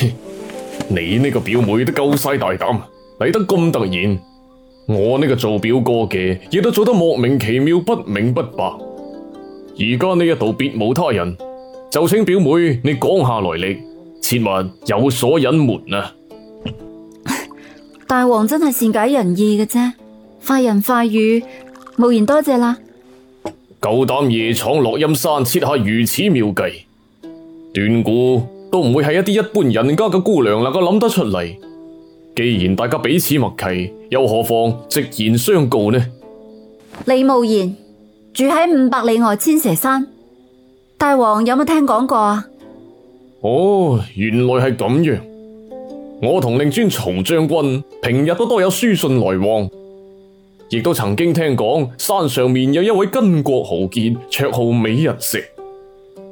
你呢個表妹都夠晒大膽，嚟得咁突然，我呢個做表哥嘅亦都做得莫名其妙、不明不白。而家呢一度別無他人，就請表妹你講下來歷，切勿有所隱瞞啊！ 大王真係善解人意嘅啫，快人快語，無言多謝啦。夠膽夜闖落陰山，設下如此妙計，斷估，都唔會係一啲一般人家嘅姑娘能夠諗得出嚟。既然大家彼此默契，又何況直言相告呢？李慕妍住喺五百里外千蛇山，大王有冇聽講過啊？哦，原來係咁樣。我同令尊曹將軍平日都多有書信來往，亦都曾經聽講山上面有一位巾幗豪傑，綽號美人石。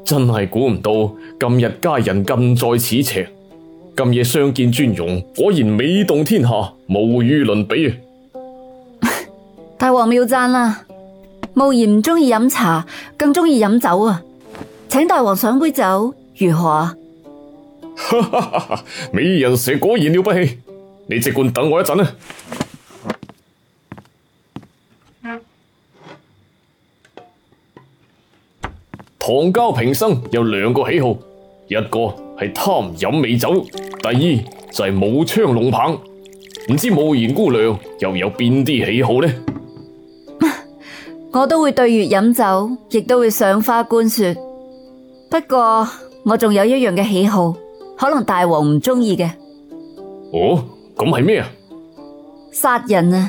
真係估唔到，今日佳人近在此情。今夜相見尊容果然美動天下，無與倫比啊！ 大王謬讚啦！慕妍唔中意飲茶，更中意飲酒啊！請大王賞杯酒，如何啊？ 美人蛇果然了不起，你只管等我一陣啊！唐蛟平生有兩個喜好，一個係貪飲美酒，第二就係舞槍弄棒。唔知慕妍姑娘又有邊啲喜好呢？我都會對月飲酒，亦都會賞花觀雪。不過我仲有一樣嘅喜好，可能大王唔中意嘅。哦，咁係咩啊？殺人啊！